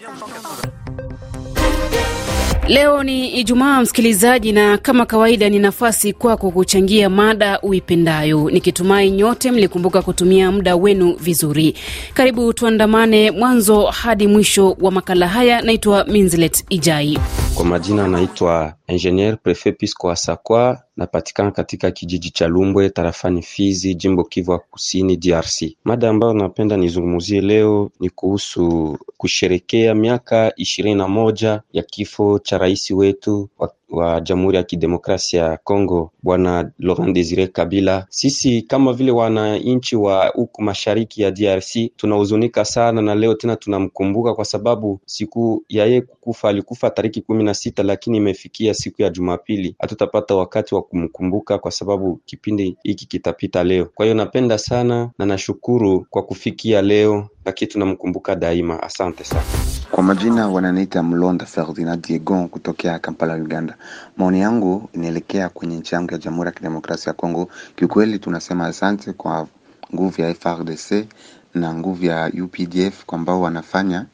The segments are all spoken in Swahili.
Tá, tá, tá. Leo ni Ijumaa, msikilizaji, na kama kawaida ni nafasi kwako kuchangia mada uipendayo, nikitumai nyote mlikumbuka kutumia muda wenu vizuri. Karibu tuandamane mwanzo hadi mwisho wa makala haya. Naitwa Minzilet Ijai. Kwa majina anaitwa Ingenier Prefet Pisco Asakwa, napatikana katika kijiji cha Lumbwe tarafani Fizi, jimbo Kivu Kusini, DRC. Mada ambayo napenda nizungumzie leo ni kuhusu kusherekea miaka ishirini na moja ya kifo cha rais wetu wa, wa Jamhuri ya Kidemokrasia ya Kongo Bwana Laurent Desire Kabila. Sisi kama vile wananchi wa huku mashariki ya DRC tunahuzunika sana, na leo tena tunamkumbuka kwa sababu siku ya yeye kukufa alikufa tariki kumi na sita, lakini imefikia siku ya Jumapili, hatutapata wakati wa kumkumbuka kwa sababu kipindi hiki kitapita leo. Kwa hiyo napenda sana na nashukuru kwa kufikia leo, lakini tunamkumbuka daima. Asante sana. Kwa majina wananiita Mlonda Ferdinand Diegon kutokea Kampala, Uganda. Maoni yangu inaelekea kwenye nchi yangu ya Jamhuri ya Kidemokrasia ya Kongo. Kiukweli tunasema asante kwa nguvu ya frdc na nguvu ya UPDF kwa ambao wanafanya.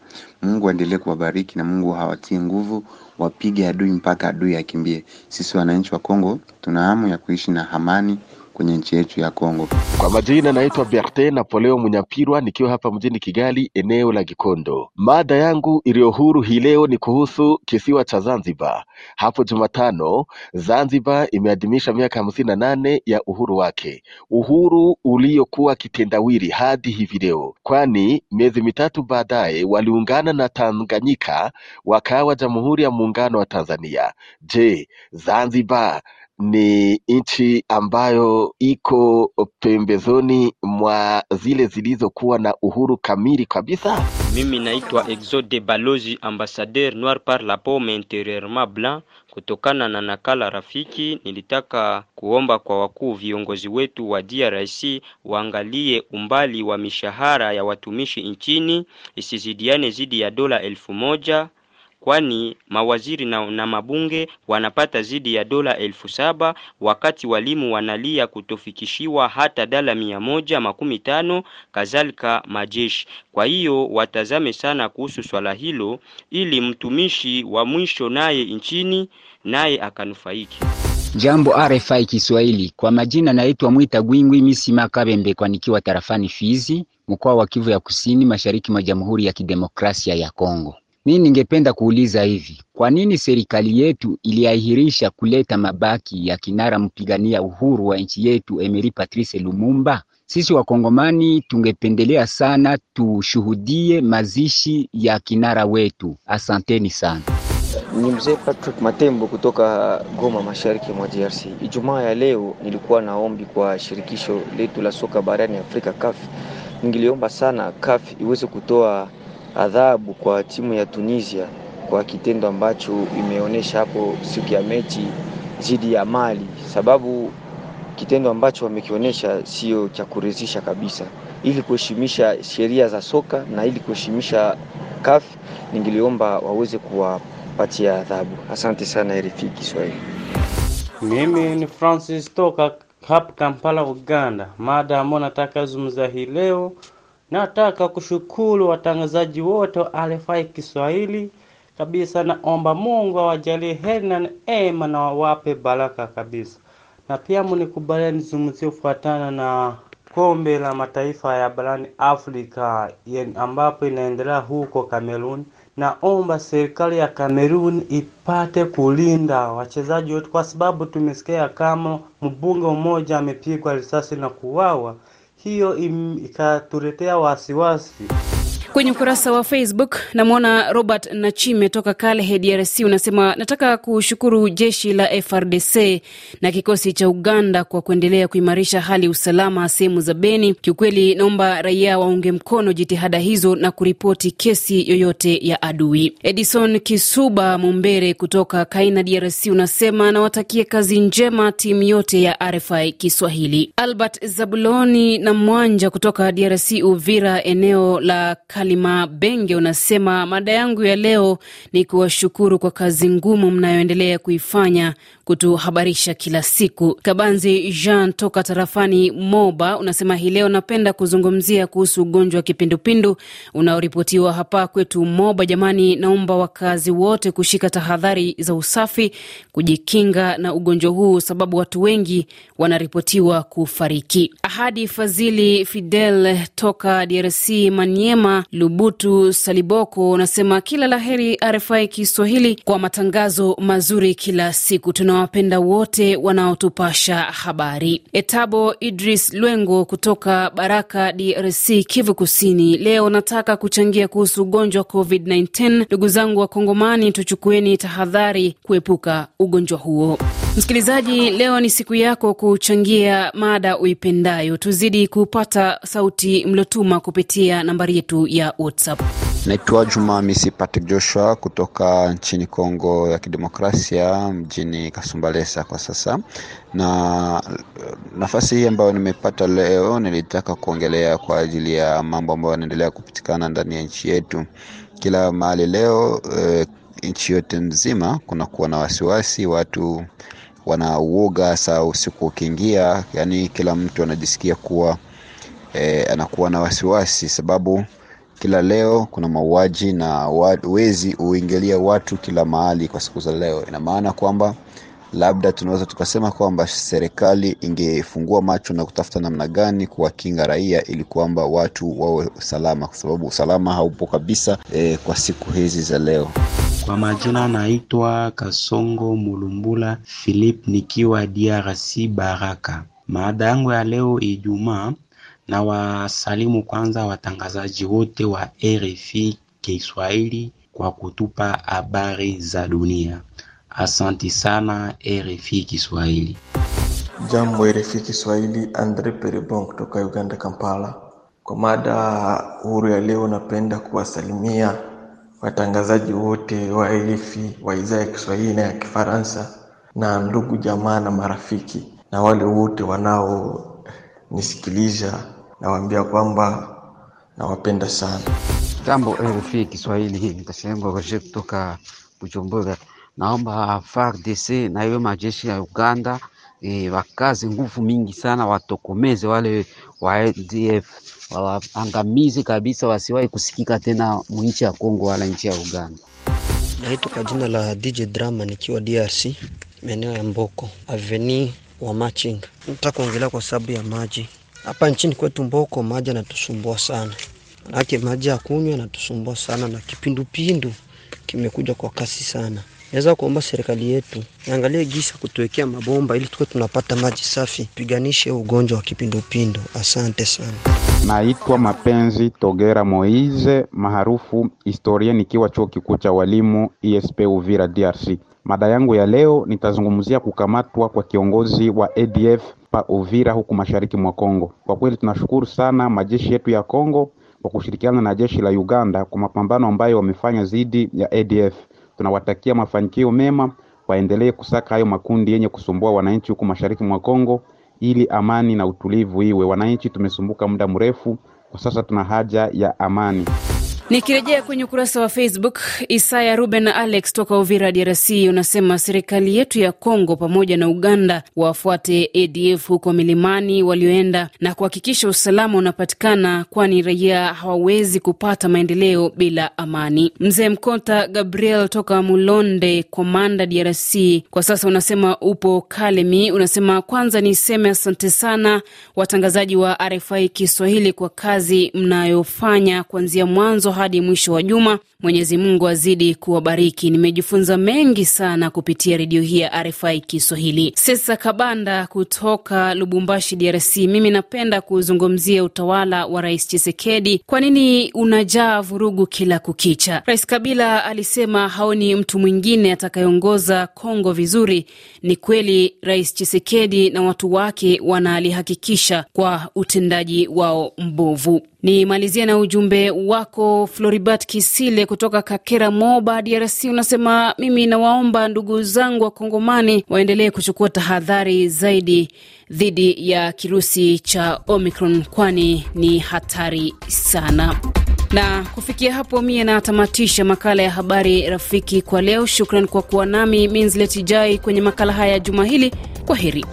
Mungu aendelee kuwabariki na Mungu hawatie nguvu, wapige adui mpaka adui akimbie. Sisi wananchi wa Kongo tuna hamu ya kuishi na amani kwenye nchi yetu ya Kongo. Kwa majina naitwa Berte Napoleo Munyapirwa, nikiwa hapa mjini Kigali, eneo la Gikondo. Mada yangu iliyo huru hii leo ni kuhusu kisiwa cha Zanzibar. Hapo Jumatano, Zanzibar imeadhimisha miaka hamsini na nane ya uhuru wake, uhuru uliokuwa kitendawili hadi hivi leo, kwani miezi mitatu baadaye waliungana na Tanganyika wakawa Jamhuri ya Muungano wa Tanzania. Je, Zanzibar ni nchi ambayo iko pembezoni mwa zile zilizokuwa na uhuru kamili kabisa. Mimi naitwa Exode Balozi Ambassadeur Noir par la peau interieurement blanc. Kutokana na nakala rafiki, nilitaka kuomba kwa wakuu viongozi wetu wa DRC waangalie umbali wa mishahara ya watumishi nchini isizidiane zidi ya dola elfu moja kwani mawaziri na, na mabunge wanapata zidi ya dola elfu saba wakati walimu wanalia kutofikishiwa hata dala mia moja makumi tano kadhalika majeshi. Kwa hiyo watazame sana kuhusu swala hilo, ili mtumishi wa mwisho naye nchini naye akanufaiki. Jambo RFI Kiswahili, kwa majina naitwa Mwita Gwingwi Misima Kabembe kwa nikiwa tarafani Fizi, mkoa wa Kivu ya Kusini, mashariki mwa Jamhuri ya Kidemokrasia ya Kongo. Mimi ningependa kuuliza hivi, kwa nini serikali yetu iliahirisha kuleta mabaki ya kinara mpigania uhuru wa nchi yetu Emery Patrice Lumumba? Sisi Wakongomani tungependelea sana tushuhudie mazishi ya kinara wetu. Asanteni sana. Ni mzee Patrick Matembo kutoka Goma, mashariki mwa DRC. Ijumaa ya leo nilikuwa na ombi kwa shirikisho letu la soka barani Afrika, CAF. Ningiliomba sana CAF iweze kutoa adhabu kwa timu ya Tunisia kwa kitendo ambacho imeonyesha hapo siku ya mechi dhidi ya Mali, sababu kitendo ambacho wamekionyesha sio cha kuridhisha kabisa. Ili kuheshimisha sheria za soka na ili kuheshimisha CAF, ningiliomba waweze kuwapatia adhabu. Asante sana RFI Kiswahili. Mimi ni Francis toka hapa Kampala, Uganda. Mada ambayo nataka zungumza hii leo Nataka kushukuru watangazaji wote wa RFI Kiswahili kabisa. Naomba Mungu awajalie heri na neema na wawape baraka kabisa, na pia munikubalia nizungumzie kufuatana na kombe la mataifa ya barani Afrika ambapo inaendelea huko Kamerun. Naomba serikali ya Kamerun ipate kulinda wachezaji wote, kwa sababu tumesikia kama mbunge mmoja amepigwa risasi na kuuawa hiyo ikatuletea wasiwasi Kwenye ukurasa wa Facebook namwona Robert Nachime toka Kalehe, DRC, unasema nataka kushukuru jeshi la FRDC na kikosi cha Uganda kwa kuendelea kuimarisha hali ya usalama sehemu za Beni. Kiukweli naomba raia waunge mkono jitihada hizo na kuripoti kesi yoyote ya adui. Edison Kisuba Mumbere kutoka Kaina, DRC, unasema nawatakie kazi njema timu yote ya RFI Kiswahili. Albert Zabuloni na Mwanja kutoka DRC, Uvira, eneo la Kalima Benge unasema mada yangu ya leo ni kuwashukuru kwa kazi ngumu mnayoendelea kuifanya kutuhabarisha kila siku. Kabanzi Jean toka tarafani Moba unasema hii leo napenda kuzungumzia kuhusu ugonjwa wa kipindupindu unaoripotiwa hapa kwetu Moba. Jamani, naomba wakazi wote kushika tahadhari za usafi, kujikinga na ugonjwa huu, sababu watu wengi wanaripotiwa kufariki. Ahadi Fazili Fidel toka DRC Maniema Lubutu Saliboko unasema kila laheri RFI Kiswahili kwa matangazo mazuri kila siku, tunawapenda wote wanaotupasha habari. Etabo Idris Lwengo kutoka Baraka, DRC, Kivu Kusini, leo nataka kuchangia kuhusu ugonjwa wa COVID-19. Ndugu zangu Wakongomani, tuchukueni tahadhari kuepuka ugonjwa huo. Msikilizaji, leo ni siku yako kuchangia mada uipendayo. Tuzidi kupata sauti mlotuma kupitia nambari yetu ya WhatsApp. Naitwa Juma Misi Patrick Joshua kutoka nchini Kongo ya Kidemokrasia, mjini Kasumbalesa kwa sasa, na nafasi hii ambayo nimepata leo nilitaka kuongelea kwa ajili ya mambo ambayo yanaendelea kupatikana ndani ya nchi yetu kila mahali leo. E, nchi yote nzima kunakuwa na wasiwasi, watu wanauoga hasa usiku ukiingia, yani kila mtu anajisikia kuwa e, anakuwa na wasiwasi sababu kila leo kuna mauaji na wezi huingilia watu kila mahali kwa siku za leo. Ina maana kwamba labda tunaweza tukasema kwamba serikali ingefungua macho na kutafuta namna gani kuwakinga raia ili kwamba watu wawe salama, kwa sababu usalama haupo kabisa e, kwa siku hizi za leo. Kwa majina naitwa Kasongo Mulumbula Philip nikiwa DRC Baraka. Maada yangu ya leo Ijumaa na wasalimu kwanza watangazaji wote wa RFI Kiswahili kwa kutupa habari za dunia. Asanti sana RFI Kiswahili. Jambo RFI Kiswahili, Andre Peribon kutoka Uganda, Kampala. Kwa mada huru ya leo, napenda kuwasalimia watangazaji wote wa RFI wa idhaa ya Kiswahili na ya Kifaransa, na ndugu jamaa na marafiki, na wale wote wanaonisikiliza nawaambia kwamba nawapenda sana. Jambo eh, RFI Kiswahili, hii Kashengo kutoka Bujumbura. Naomba FARDC na hiyo majeshi ya Uganda e, wakaze nguvu mingi sana, watokomeze wale wa ADF, waangamize kabisa, wasiwahi kusikika tena mwinchi ya Kongo wala nchi ya Uganda. Naitwa kwa jina la DJ Drama nikiwa DRC maeneo ya Mboko aveni wa Machinga. nitakuongelea kwa sababu ya maji hapa nchini kwetu Mboko maji yanatusumbua sana, manake maji ya kunywa yanatusumbua sana, na kipindupindu kimekuja kwa kasi sana. Naweza kuomba serikali yetu iangalie gisa kutuwekea mabomba ili tuwe tunapata maji safi, piganishe ugonjwa wa kipindupindu. Asante sana. Naitwa Mapenzi Togera moise maarufu Historia, nikiwa chuo kikuu cha walimu ESP Uvira, DRC. Mada yangu ya leo nitazungumzia kukamatwa kwa kiongozi wa ADF hapa Uvira huku mashariki mwa Kongo. Kwa kweli tunashukuru sana majeshi yetu ya Kongo kwa kushirikiana na jeshi la Uganda kwa mapambano ambayo wamefanya dhidi ya ADF. Tunawatakia mafanikio mema, waendelee kusaka hayo makundi yenye kusumbua wananchi huku mashariki mwa Kongo ili amani na utulivu iwe. Wananchi tumesumbuka muda mrefu, kwa sasa tuna haja ya amani. Nikirejea kwenye ukurasa wa Facebook, Isaya Ruben Alex toka Uvira, DRC, unasema serikali yetu ya Kongo pamoja na Uganda wafuate ADF huko milimani walioenda na kuhakikisha usalama unapatikana, kwani raia hawawezi kupata maendeleo bila amani. Mzee Mkota Gabriel toka Mulonde Komanda, DRC, kwa sasa unasema upo Kalemi. Unasema kwanza niseme asante sana watangazaji wa RFI Kiswahili kwa kazi mnayofanya kuanzia mwanzo hadi mwisho wa juma. Mwenyezi Mungu azidi kuwabariki. Nimejifunza mengi sana kupitia redio hii ya RFI Kiswahili. Sesa Kabanda kutoka Lubumbashi, DRC. Mimi napenda kuzungumzia utawala wa Rais Chisekedi. Kwa nini unajaa vurugu kila kukicha? Rais Kabila alisema haoni mtu mwingine atakayeongoza Kongo vizuri. Ni kweli, Rais Chisekedi na watu wake wanalihakikisha kwa utendaji wao mbovu ni malizia na ujumbe wako Floribat Kisile kutoka Kakera, Moba, DRC. Unasema, mimi nawaomba ndugu zangu Wakongomani waendelee kuchukua tahadhari zaidi dhidi ya kirusi cha Omicron, kwani ni hatari sana. Na kufikia hapo, mie natamatisha makala ya habari rafiki kwa leo. Shukran kwa kuwa nami Minslet Jai kwenye makala haya ya juma hili. Kwa heri.